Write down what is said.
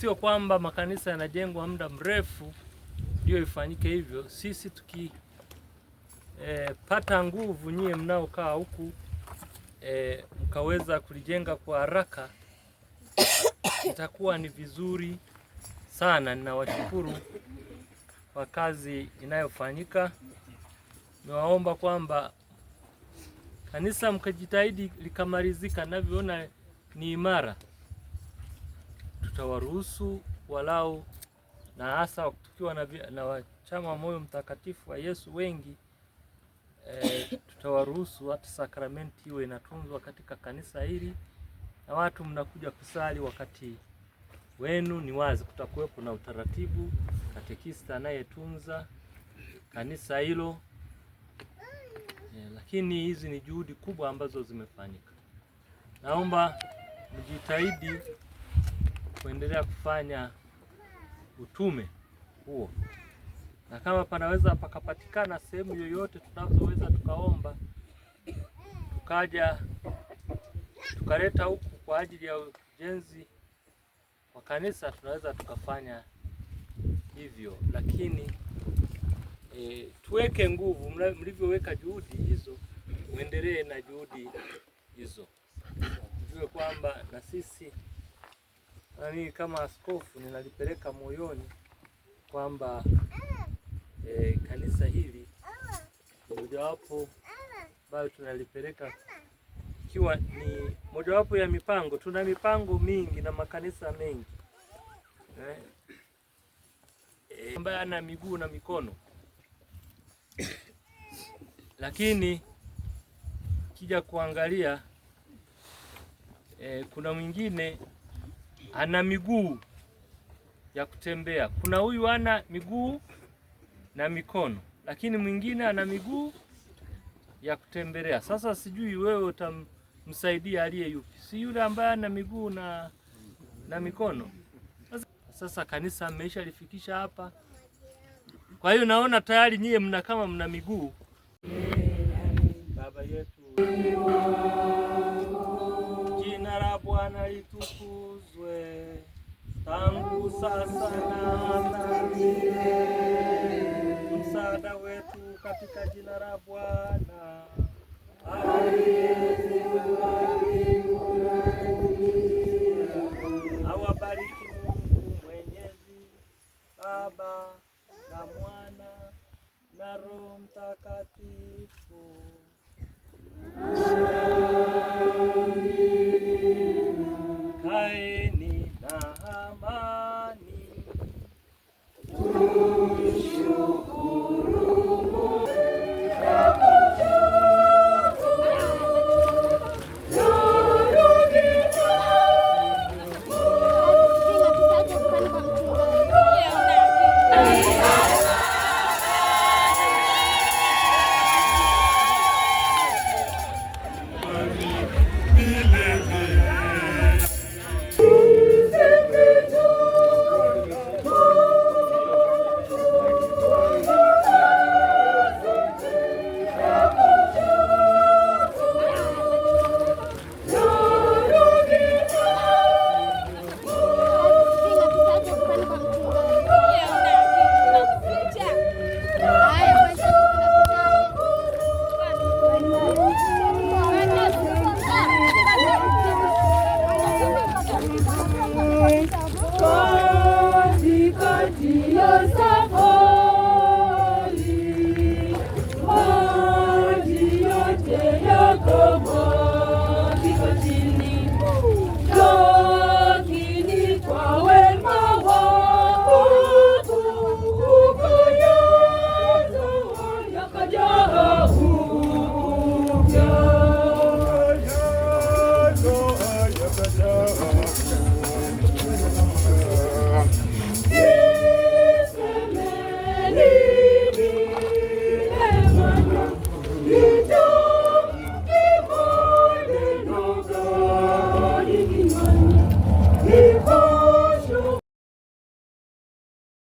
sio kwamba makanisa yanajengwa muda mrefu ndio ifanyike hivyo. Sisi tukipata eh, e, nguvu nyie mnaokaa huku e, mkaweza kulijenga kwa haraka itakuwa ni vizuri sana. Ninawashukuru kwa kazi inayofanyika. Niwaomba kwamba kanisa mkajitahidi likamalizika, navyoona ni imara tutawaruhusu walau, na hasa tukiwa na, na wachama wa moyo mtakatifu wa Yesu wengi e, tutawaruhusu hata sakramenti iwe inatunzwa katika kanisa hili, na watu mnakuja kusali wakati wenu ni wazi. Kutakuwepo na utaratibu, katekista anayetunza kanisa hilo e, lakini hizi ni juhudi kubwa ambazo zimefanyika. Naomba mjitahidi kuendelea kufanya utume huo, na kama panaweza pakapatikana sehemu yoyote tunazoweza tukaomba tukaja tukaleta huku kwa ajili ya ujenzi wa kanisa, tunaweza tukafanya hivyo, lakini e, tuweke nguvu. Mlivyoweka juhudi hizo, muendelee na juhudi hizo, tujue kwamba na sisi nani, kama askofu ninalipeleka moyoni kwamba e, kanisa hili mojawapo ambayo tunalipeleka ikiwa ni mojawapo ya mipango. Tuna mipango mingi na makanisa mengi eh, eh, ambaye e, ana miguu na mikono lakini kija kuangalia e, kuna mwingine ana miguu ya kutembea. Kuna huyu ana miguu na mikono, lakini mwingine ana miguu ya kutembelea. Sasa sijui wewe utamsaidia aliye yupi? Si yule ambaye ana miguu na, na mikono. Sasa kanisa lifikisha hapa, kwa hiyo naona tayari nyie mna kama mna miguu. Baba yetu Bwana litukuzwe tangu sasa na hata milele. Msaada wetu katika jina la Bwana aliye Yes, sir.